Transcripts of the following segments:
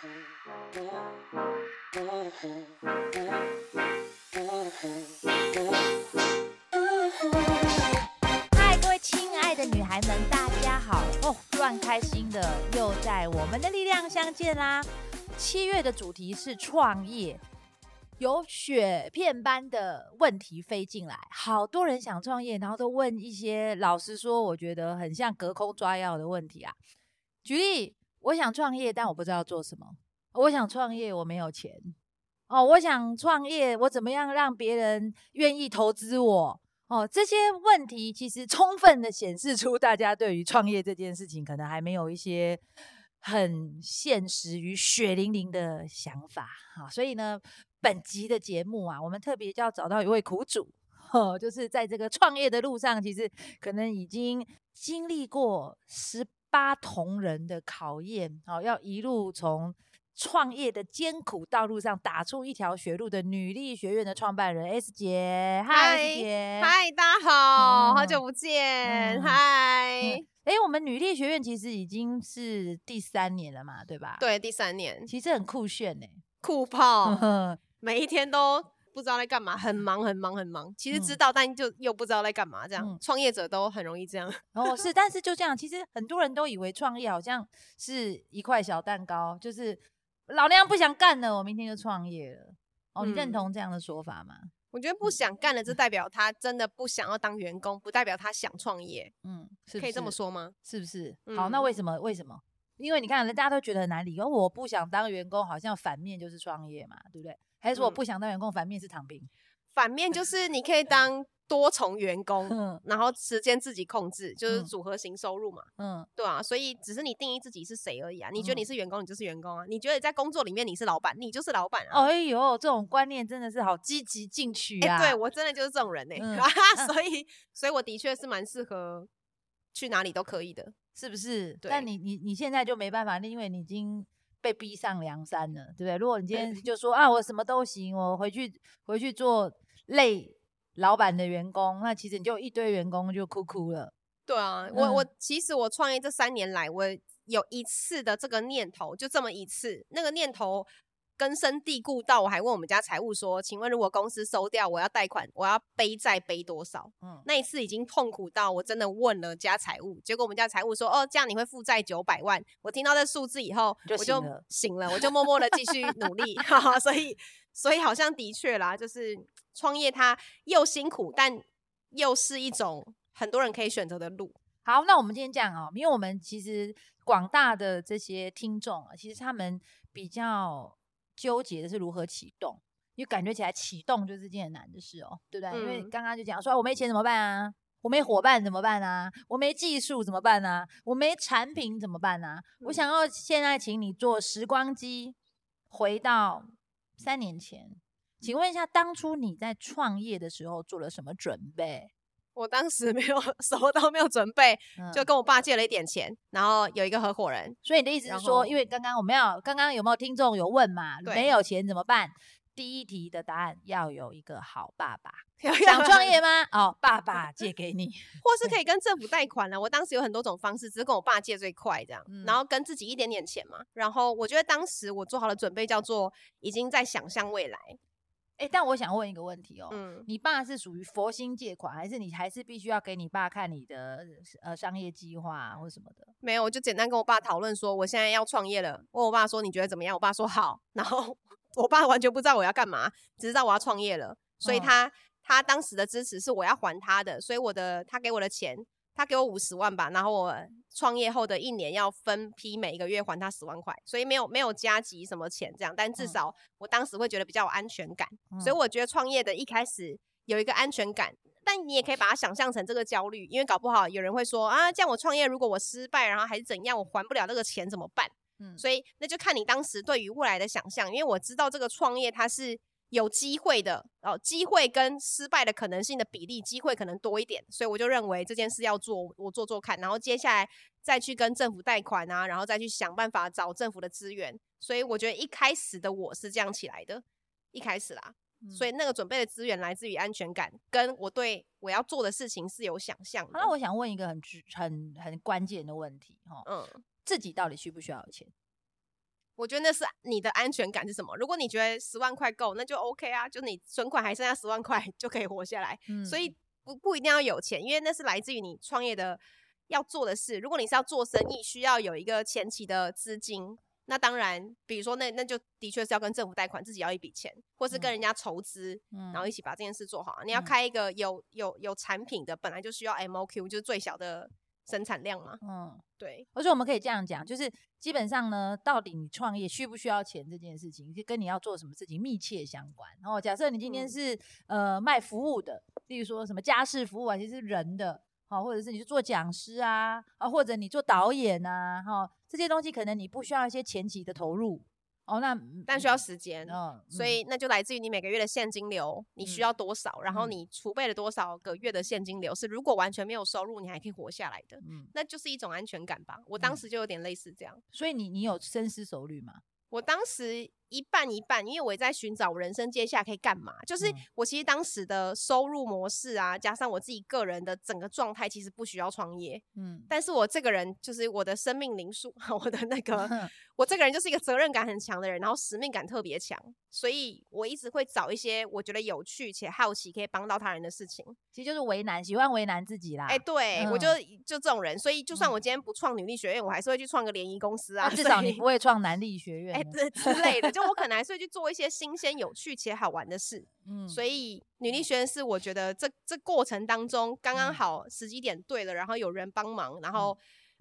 嗨，各位親愛的女孩們，大家好！哦，亂開心的又在我們的力量相見啦。七月的主題是創業，有雪片般的問題飛進來，好多人想創業，然後都問一些，老實說，我覺得很像隔空抓藥的問題啊。舉例。我想創業，但我不知道做什麼。我想創業，我沒有錢。哦，我想創業，我怎麼樣讓別人願意投資我？哦，這些問題其實充分的顯示出大家對於創業這件事情，可能還沒有一些很現實與血淋淋的想法。哈、哦，所以呢，本集的節目啊，我們特別要找到一位苦主，哦，就是在這個創業的路上，其實可能已經經歷過失。八銅人的考驗、哦，要一路從創業的艱苦道路上打出一條血路的女力學院的創辦人 S 姐，嗨，嗨，大家好、嗯，好久不見，嗨、嗯，哎、嗯欸，我們女力學院其實已經是第三年了嘛，對吧？對，第三年，其實很酷炫呢、欸，酷炮， 每一天都。不知道在幹嘛，很忙很忙很忙。其實知道，嗯、但就又不知道在幹嘛。這樣，創、嗯、業者都很容易這樣。哦，是， 但是就這樣。其實很多人都以為創業好像是一塊小蛋糕，就是老娘不想幹了，我明天就創業了。哦、嗯，你認同這樣的說法嗎？我覺得不想幹了，就代表他真的不想要當員工，嗯、不代表他想創業。嗯，是，是可以這麼說嗎？是不是？好，那為什麼？為什麼？因為你看，大家都覺得很難理解，我不想當員工，好像反面就是創業嘛，對不對？還是我不想當員工，嗯、反面是躺平，反面就是你可以當多重員工， 然後時間自己控制，就是組合型收入嘛，嗯，嗯對啊，所以只是你定義自己是誰而已啊，你覺得你是員工，嗯，你就是員工啊，你覺得你在工作裡面你是老闆，你就是老闆啊。哎呦，這種觀念真的是好積極進取啊！欸、對我真的就是這種人哎，欸、嗯、 所以所以我的確是蠻適合去哪裡都可以的，是不是？對但你你你現在就沒辦法，因為你已經。被逼上梁山了，對不對？如果你今天就說、嗯、啊，我什麼都行，我回去回去做累老闆的員工，那其實你就一堆員工就哭哭了。對啊，嗯、我我其實我創業這三年來，我有一次的這個念頭，就這麼一次，那個念頭。根深蒂固到我還問我們家財務說：“請問如果公司收掉，我要貸款，我要背債背多少？”嗯，那一次已經痛苦到我真的問了家財務，結果我們家財務說：“哦，這樣你會負債九百萬。”我聽到這數字以後，我就醒了，我就默默的繼續努力、 啊。所以，所以好像的確啦，就是創業它又辛苦，但又是一種很多人可以選擇的路。好，那我們今天這樣啊、哦，因為我們其實廣大的這些聽眾，其實他們比較。糾結的是如何啟動，因為感覺起來啟動就是件很難的事哦，對不對？嗯、因為你剛剛就講說，我沒錢怎麼辦啊？我沒伙伴怎麼辦啊？我沒技術怎麼辦啊？我沒產品怎麼辦啊？嗯、我想要現在請你坐時光機，回到三年前，請問一下，當初你在創業的時候做了什麼準備？我當時沒有，什麼都沒有準備、嗯，就跟我爸借了一點錢，然後有一個合夥人。所以你的意思是說，因為剛剛我沒有，剛剛有沒有聽眾有問嘛？沒有錢怎麼辦？第一題的答案要有一個好爸爸，想創業嗎？哦、 oh.，爸爸借給你， 或是可以跟政府貸款呢？啊。我當時有很多種方式，只是跟我爸借最快這樣、嗯，然後跟自己一點點錢嘛。然後我覺得當時我做好的準備叫做已經在想象未來。誒、欸，但我想問一個問題哦、嗯，你爸是屬於佛心借款，還是你還是必須要給你爸看你的呃商業計劃或什麼的？沒有，我就簡單跟我爸討論說我現在要創業了，問我爸說你覺得怎麼樣？我爸說好，然後我爸完全不知道我要幹嘛，只知道我要創業了，所以他、嗯、他當時的支持是我要還他的，所以我的他給我的錢。他給我五十萬吧，然後我創業後的一年要分批，每一個月還他十萬塊，所以沒有沒有加急什麼錢這樣，但至少我當時會覺得比較有安全感。嗯，所以我覺得創業的一開始有一個安全感，但你也可以把它想象成這個焦慮，因為搞不好有人會說啊，這樣我創業如果我失敗，然後還是怎樣，我還不了那個錢怎麼辦？嗯，所以那就看你當時對於未來的想象，因為我知道這個創業它是，有機會的哦，機會跟失敗的可能性的比例，機會可能多一點，所以我就認為這件事要做，我做做看，然後接下來再去跟政府貸款啊，然後再去想辦法找政府的資源，所以我覺得一開始的我是這樣起來的，一開始啦，嗯、所以那個準備的資源來自於安全感，跟我對我要做的事情是有想象的。那我想問一個很很很關鍵的問題哈、哦，嗯，自己到底需不需要有錢？我覺得那是你的安全感是什麼？如果你覺得十萬塊夠，那就 OK 啊，就你存款還剩下，十萬塊就可以活下來。嗯、所以不不一定要有錢，因為那是來自於你創業的要做的事。如果你是要做生意，需要有一個前期的資金，那當然，比如說那那就的確是要跟政府貸款，自己要一筆錢，或是跟人家籌資、嗯，然後一起把這件事做好、啊嗯。你要開一個有有有產品的，本來就需要 MOQ，就是最小的。生產量嘛，嗯，對，而且我們可以這樣講，就是基本上呢，到底你創業需不需要錢這件事情，跟你要做什麼事情密切相關，然後、哦、假設你今天是、嗯、呃賣服務的，例如說什麼家事服務啊，其實是人的，好、哦，或者是你是做講師啊，啊，或者你做導演吶、啊，哈、哦，這些東西可能你不需要一些前期的投入。哦，那但需要時間、哦嗯，所以那就來自於你每個月的現金流，你需要多少，嗯、然後你儲備了多少個月的現金流，嗯、是如果完全沒有收入，你還可以活下來的，嗯，那就是一種安全感吧。我當時就有點類似這樣。嗯、所以你你有深思熟慮嗎？我當時。一半一半，因為我在尋找人生接下來可以幹嘛。就是我其實當時的收入模式啊，加上我自己個人的整個狀態，其實不需要創業。嗯。但是我這個人就是我的生命靈數，我的那個，我這個人就是一個責任感很強的人，然後使命感特別強，所以我一直會找一些我覺得有趣且好奇可以幫到他人的事情。其實就是為難，喜歡為難自己啦。哎、欸，對、嗯，我就就這種人，所以就算我今天不創女力學院，我還是會去創個聯誼公司啊，啊。至少你不會創男力學院。哎、欸，這之類的。 因 為我可能還是會去做一些新鮮、有趣且好玩的事，嗯，所以女力學院是我覺得這這過程當中剛剛好時機點對了、嗯，然後有人幫忙，然後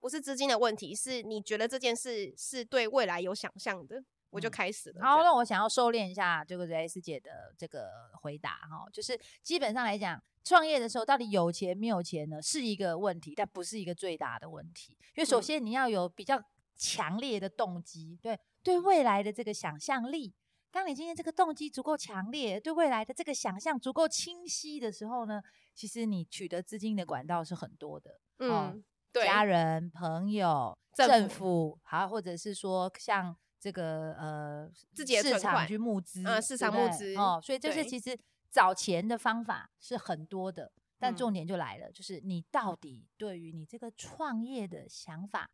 不是資金的問題，是你覺得這件事是對未來有想象的、嗯，我就開始了。然後讓我想要收斂一下這個 S 姐的這個回答哈，就是基本上來講，創業的時候到底有錢沒有錢呢，是一個問題，但不是一個最大的問題，因為首先你要有比較強烈的動機、嗯，對。對未來的這個想象力，當你今天這個動機足夠強烈，對未來的這個想象足夠清晰的時候呢，其實你取得資金的管道是很多的。嗯，哦、對，家人、朋友、政府，好、啊，或者是說像這個呃，自己市場去募資，嗯對對嗯、市場募資哦，所以這是其實找錢的方法是很多的。但重點就來了、嗯，就是你到底對於你這個創業的想法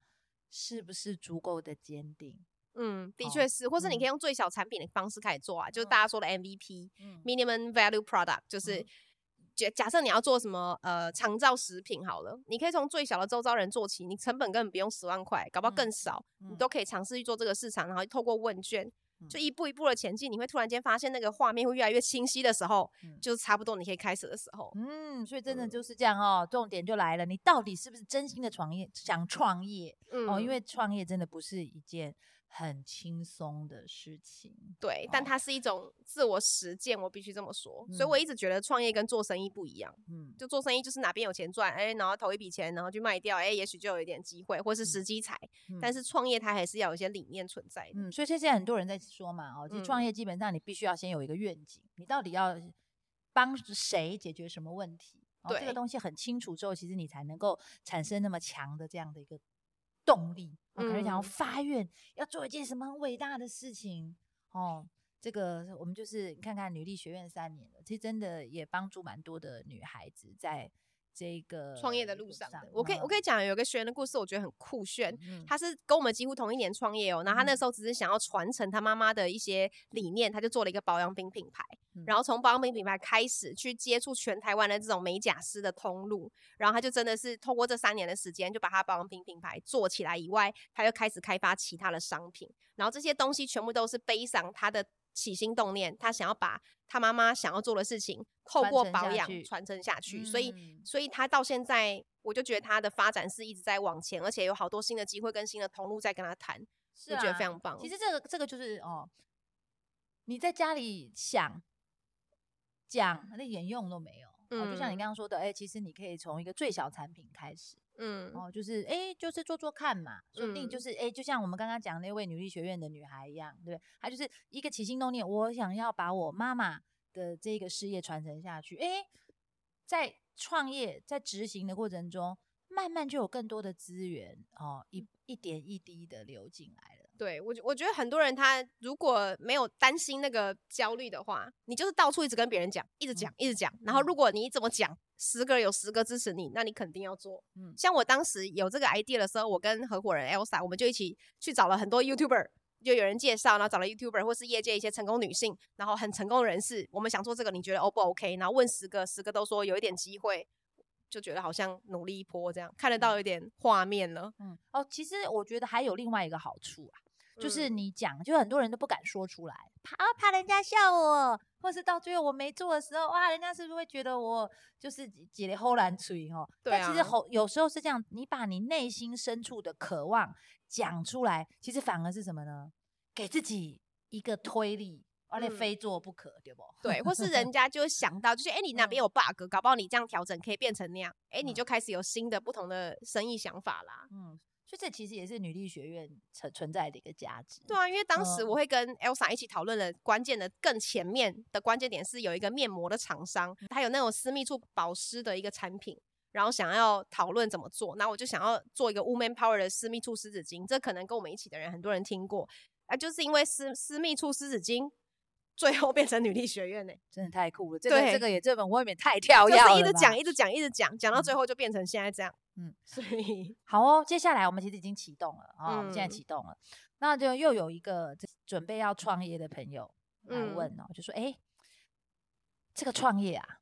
是不是足夠的堅定？嗯，的確是、哦，或是你可以用最小產品的方式開始做啊，嗯、就是大家說的 MVP，Minimum、嗯、Value Product，就是、嗯、假假設你要做什麼呃，長照食品好了，你可以從最小的周遭人做起，你成本根本不用十萬塊，搞不好更少，嗯、你都可以嘗試去做這個市場，然後透過問卷、嗯、就一步一步的前進，你會突然間發現那個畫面會越來越清晰的時候，嗯、就是差不多你可以開始的時候。嗯，所以真的就是這樣哦，嗯、重點就來了，你到底是不是真心的創業，想創業、嗯、哦？因為創業真的不是一件。很輕鬆的事情，對、哦，但它是一種自我實踐，我必須這麼說、嗯。所以我一直覺得創業跟做生意不一樣，嗯，就做生意就是哪邊有錢賺，誒、哎，然後投一筆錢，然後就賣掉，誒、哎，也許就有一點機會，或是時機財、嗯。但是創業它還是要有一些理念存在的，嗯、所以現在很多人在說嘛，哦，就創業基本上你必須要先有一個願景，嗯、你到底要幫誰解決什麼問題、哦，對，這個東西很清楚之後，其實你才能夠產生那麼強的這樣的一個。動力，我可能想要發願，嗯，要做一件什麼很偉大的事情哦。這個我們就是看看女力學院三年了，其實真的也幫助蠻多的女孩子在。這個創業的路上的、嗯，我可以我可以講有個學員的故事，我覺得很酷炫、嗯。他是跟我們幾乎同一年創業哦、喔，那他那時候只是想要傳承他媽媽的一些理念，他就做了一個保養品品牌，然後從保養品品牌開始去接觸全台灣的這種美甲師的通路，然後他就真的是通過這三年的時間，就把他保養品品牌做起來以外，他又開始開發其他的商品，然後這些東西全部都是背上他的起心動念，他想要把他媽媽想要做的事情透過保養傳承下去，承下去、嗯，所以，所以他到現在，我就覺得他的發展是一直在往前，而且有好多新的機會跟新的通路在跟他談，我、啊、覺得非常棒。其實這個這個就是哦，你在家裡想講那點用都沒有，嗯，就像你剛剛說的，哎、欸，其實你可以從一個最小產品開始。嗯，哦，就是，哎、欸，就是做做看嘛，說不定就是，哎、嗯欸，就像我們剛剛講那位女力學院的女孩一樣，對不對？她就是一個起心動念，我想要把我媽媽的這個事業傳承下去，哎、欸，在創業在執行的過程中，慢慢就有更多的資源哦，一一點一滴的流進來了。對我，我覺得很多人他如果沒有擔心那個焦慮的話，你就是到處一直跟別人講，一直講，一直講，嗯。然後如果你怎麼講，十個有十個支持你，那你肯定要做。嗯，像我當時有這個 idea 的時候，我跟合夥人 Elsa，我們就一起去找了很多 YouTuber，就有人介紹，然後找了 YouTuber 或是業界一些成功女性，然後很成功的人士。我們想做這個，你覺得 O 不 OK？然後問十個，十個都說有一點機會，就覺得好像努力一波這樣，看得到有一點畫面了。嗯，嗯，哦，其實我覺得還有另外一個好處啊。就是你講、嗯，就很多人都不敢說出來，怕怕人家笑我，或是到最後我沒做的時候，哇，人家是不是會覺得我就是幾咧齁懶嘴吼對、啊，但其實有時候是這樣，你把你內心深處的渴望講出來，其實反而是什麼呢？給自己一個推力，而、嗯、且非做不可，對不對？對，或是人家就想到， 就是誒、欸，你那邊有 bug，搞不好你這樣調整可以變成那樣，誒、欸，你就開始有新的、嗯、不同的生意想法啦。嗯。所以這其實也是女力學院存存在的一個價值。對啊，因為當時我會跟 Elsa 一起討論的，關鍵的更前面的關鍵點是有一個面膜的廠商，嗯，它有那種私密處保濕的一個產品，然後想要討論怎麼做，那我就想要做一個 Woman Power 的私密處濕紙巾。這可能跟我們一起的人很多人聽過啊，就是因為私私密處濕紙巾，最後變成女力學院呢，欸，真的太酷了。這個這個也這本未免太跳躍了，就是一直講，一直講一直講一直講，講到最後就變成現在這樣。嗯，所以好哦，接下來我們其實已經啟動了哦、嗯，我們現在啟動了，那就又有一個準備要創業的朋友來問哦，嗯、就說：“哎、欸，這個創業啊，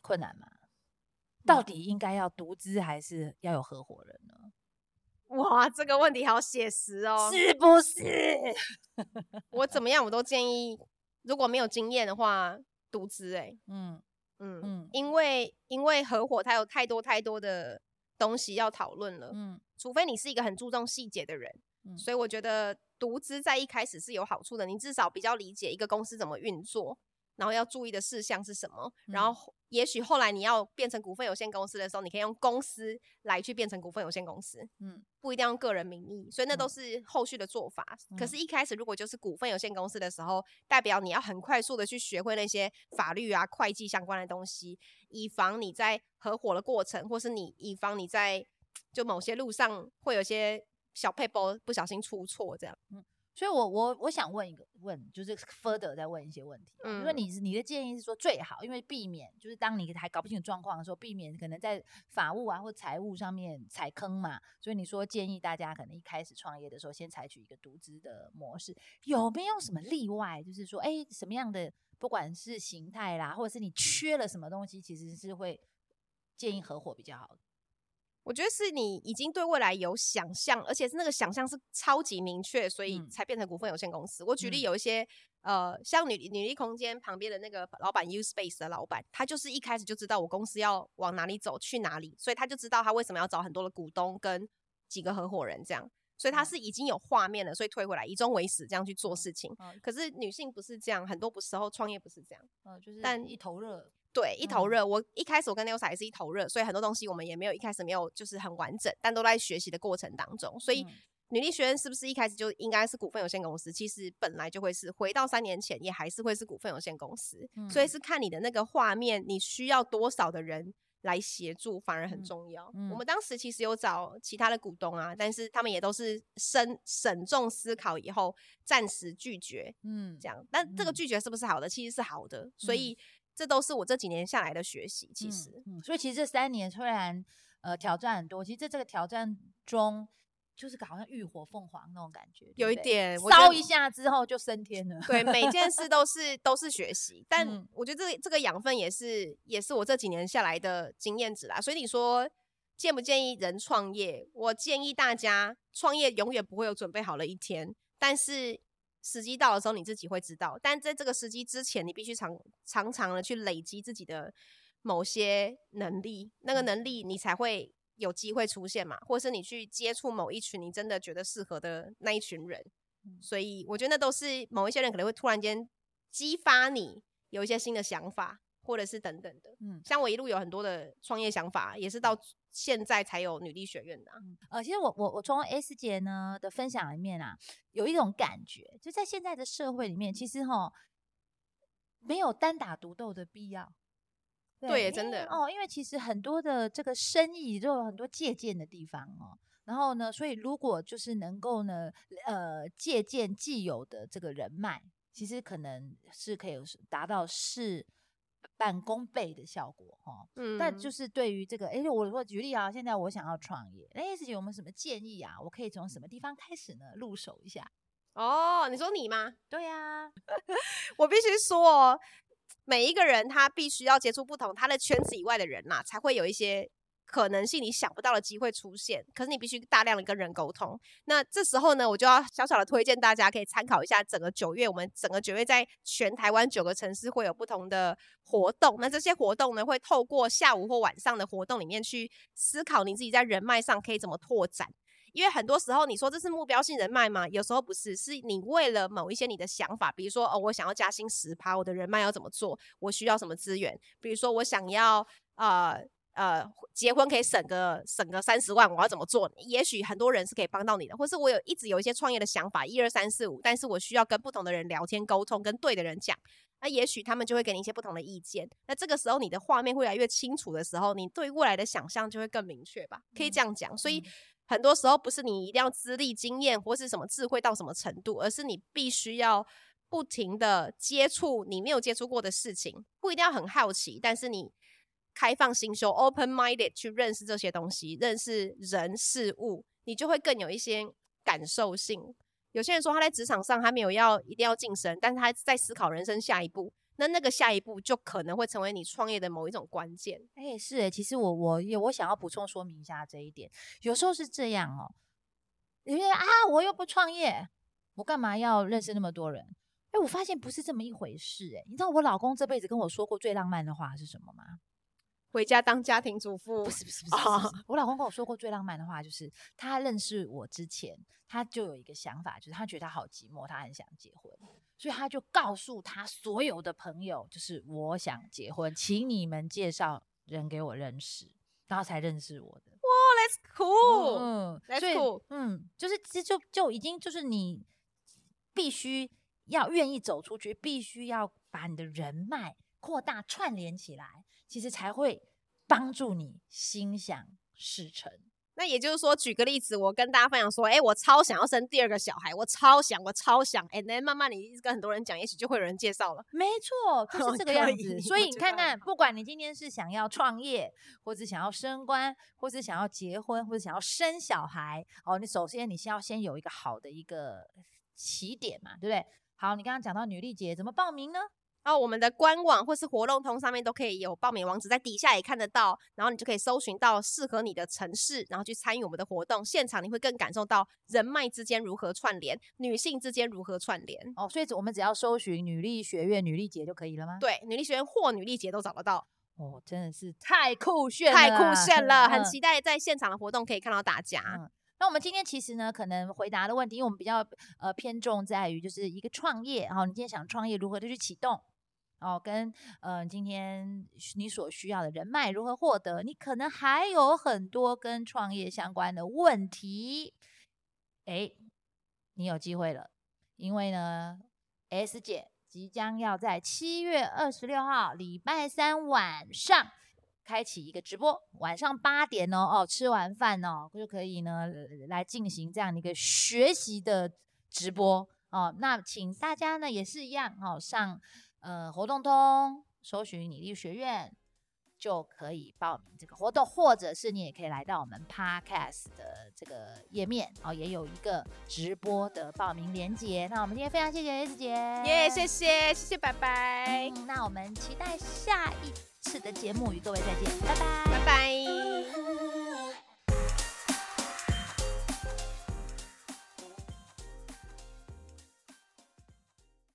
困難嗎？到底應該要獨資還是要有合夥人呢？”哇，這個問題好寫實哦，是不是？ 我怎麼樣我都建議，如果沒有經驗的話，獨資。哎，嗯嗯嗯，因為因為合夥，他有太多太多的。東西要討論了，嗯，除非你是一個很注重細節的人，嗯，所以我覺得獨資在一開始是有好處的，你至少比較理解一個公司怎麼運作，然後要注意的事項是什麼，嗯，然後。也許後來你要變成股份有限公司的時候，你可以用公司來去變成股份有限公司，嗯，不一定用個人名義，所以那都是後續的做法。嗯、可是，一開始如果就是股份有限公司的時候、嗯，代表你要很快速的去學會那些法律啊、會計相關的東西，以防你在合夥的過程，或是你以防你在就某些路上會有些小 paper 不小心出錯這樣。嗯所以我，我我我想問一個問，就是 further 再問一些問題。嗯，就是、你是你的建議是說最好，因為避免就是當你還搞不清楚狀況的時候，避免可能在法務啊或財務上面踩坑嘛。所以你說建議大家可能一開始創業的時候先採取一個獨資的模式，有沒有什麼例外？就是說，哎、欸，什麼樣的不管是形態啦，或者是你缺了什麼東西，其實是會建議合夥比較好。我覺得是你已經對未來有想象，而且是那個想象是超級明確，所以才變成股份有限公司。嗯、我舉例有一些，嗯、呃，像女女力空間旁邊的那個老板，Use Space 的老板，他就是一開始就知道我公司要往哪裡走，去哪裡，所以他就知道他為什麼要找很多的股東跟幾個合夥人這樣，所以他是已經有畫面了，所以退回來以終為始這樣去做事情、嗯嗯。可是女性不是這樣，很多不時候創業不是這樣，嗯、就是但一頭熱。對，一頭熱、嗯。我一開始我跟那 e i s i 也是一頭熱，所以很多東西我們也沒有一開始沒有就是很完整，但都在學習的過程當中。所以，女力學院是不是一開始就應該是股份有限公司？其實本來就會是，回到三年前也還是會是股份有限公司。嗯、所以是看你的那個畫面，你需要多少的人來協助，反而很重要。嗯嗯、我們當時其實有找其他的股東啊，但是他們也都是深慎重思考以後暫時拒絕，嗯，這樣。但這個拒絕是不是好的？嗯、其實是好的。所以。嗯這都是我這幾年下來的學習，其實，嗯嗯、所以其實這三年雖然呃挑戰很多，其實在這個挑戰中，就是好像浴火鳳凰那種感覺。對對，有一點燒一下之後就升天了。對，每件事都是 都是學習，但我覺得這個這個養分也是也是我這幾年下來的經驗值啦。所以你說建不建議人創業？我建議大家創業永遠不會有準備好了一天，但是。時機到的時候，你自己會知道。但在這個時機之前，你必須常，常常常的去累積自己的某些能力，那個能力你才會有機會出現嘛，嗯，或是你去接觸某一群你真的覺得適合的那一群人。嗯，所以，我覺得那都是某一些人可能會突然間激發你有一些新的想法。或者是等等的，嗯，像我一路有很多的創業想法，也是到現在才有女力學院的，啊。呃，其實我我我從 S 姐呢的分享裡面啊，有一種感覺，就在現在的社會裡面，其實哈，沒有單打獨鬥的必要。對，對，真的，欸，哦，因為其實很多的這個生意都有很多借鑑的地方哦。然後呢，所以如果就是能夠呢，呃，借鑑既有的這個人脈，其實可能是可以達到是半功倍的效果哈，嗯，但就是對於這個，誒、欸，我我舉例啊，現在我想要創業，S 姐有沒有什麼建議啊？我可以從什麼地方開始呢？入手一下。哦，你說你嗎？對呀、啊， 我必須說，每一個人他必須要接觸不同他的圈子以外的人吶、啊，才會有一些。可能性，你想不到的機會出現。可是你必須大量的跟人溝通。那這時候呢，我就要小小的推薦大家，可以參考一下整個九月，我們整個九月在全台灣九個城市會有不同的活動。那這些活動呢，會透過下午或晚上的活動裡面去思考你自己在人脈上可以怎麼拓展。因為很多時候你說這是目標性人脈嘛，有時候不是，是你為了某一些你的想法，比如說哦，我想要加薪十趴，我的人脈要怎麼做，我需要什麼資源？比如說我想要呃。呃，結婚可以省個省個三十萬，我要怎麼做？也許很多人是可以幫到你的，或是我有一直有一些創業的想法，一二三四五，但是我需要跟不同的人聊天溝通，跟對的人講，那也許他們就會給你一些不同的意見。那這個時候你的畫面會越來越清楚的時候，你對未來的想象就會更明確吧？嗯，可以這樣講。所以很多時候不是你一定要資歷、經驗或是什麼智慧到什麼程度，而是你必須要不停的接觸你沒有接觸過的事情，不一定要很好奇，但是你。開放心胸，open-minded 去認識這些東西，認識人事物，你就會更有一些感受性。有些人說他在職場上他沒有要一定要晉升，但是他在思考人生下一步，那那個下一步就可能會成為你創業的某一種關鍵。欸，是欸，其實我我有我，我想要補充說明一下這一點，有時候是這樣哦。有些人啊，我又不創業，我幹嘛要認識那麼多人？欸，我發現不是這麼一回事欸，你知道我老公這輩子跟我說過最浪漫的話是什麼嗎？回家當家庭主婦？不是不是不是，不是、oh. 我老公跟我說過最浪漫的話，就是他認識我之前，他就有一個想法，就是他覺得他好寂寞，他很想結婚，所以他就告訴他所有的朋友，就是我想結婚，請你們介紹人給我認識，然後才認識我的。哇、wow, that's cool，嗯 that's cool，嗯，就是這就就已經就是你必須要願意走出去，必須要把你的人脈擴大串聯起來，其實才會。幫助你心想事成。那也就是說，舉個例子，我跟大家分享說，誒，欸，我超想要生第二個小孩，我超想，我超想。誒，那慢慢你一直跟很多人講，也許就會有人介紹了。沒錯，就是這個樣子。以所以你看看，不管你今天是想要創業，或是想要升官，或是想要結婚，或是想要生小孩，哦，你首先你先要先有一個好的一個起點嘛，對不對？好，你剛剛講到女力節怎麼報名呢？然後我們的官網或是活動通上面都可以有報名網址，在底下也看得到。然後你就可以搜尋到適合你的城市，然後去參與我們的活動。現場你會更感受到人脈之間如何串聯，女性之間如何串聯。哦，所以我們只要搜尋“女力學院”、“女力節”就可以了嗎？對，“女力學院”或“女力節”都找得到。哦，真的是太酷炫了，啊，太酷炫了！很期待在現場的活動可以看到大家，嗯。那我們今天其實呢，可能回答的問題，因為我們比較呃偏重在於就是一個創業。然後你今天想創業，如何去啟動？哦，跟嗯、呃，今天你所需要的人脈如何獲得？你可能還有很多跟創業相關的問題。哎、欸，你有機會了，因為呢，S 姐即將要在七月二十六號禮拜三晚上開啟一個直播，晚上八點哦，哦，吃完飯哦就可以呢來進行這樣的一個學習的直播哦。那請大家呢也是一樣哦，上。呃，活動通搜尋“女力學院”就可以報名這個活動，或者是你也可以來到我們 Podcast 的這個頁面，後、哦、也有一個直播的報名連結。那我們今天非常謝謝 S 姐，姐，耶、yeah,，謝謝，謝謝，拜拜、嗯。那我們期待下一次的節目與各位再見，拜拜，拜拜。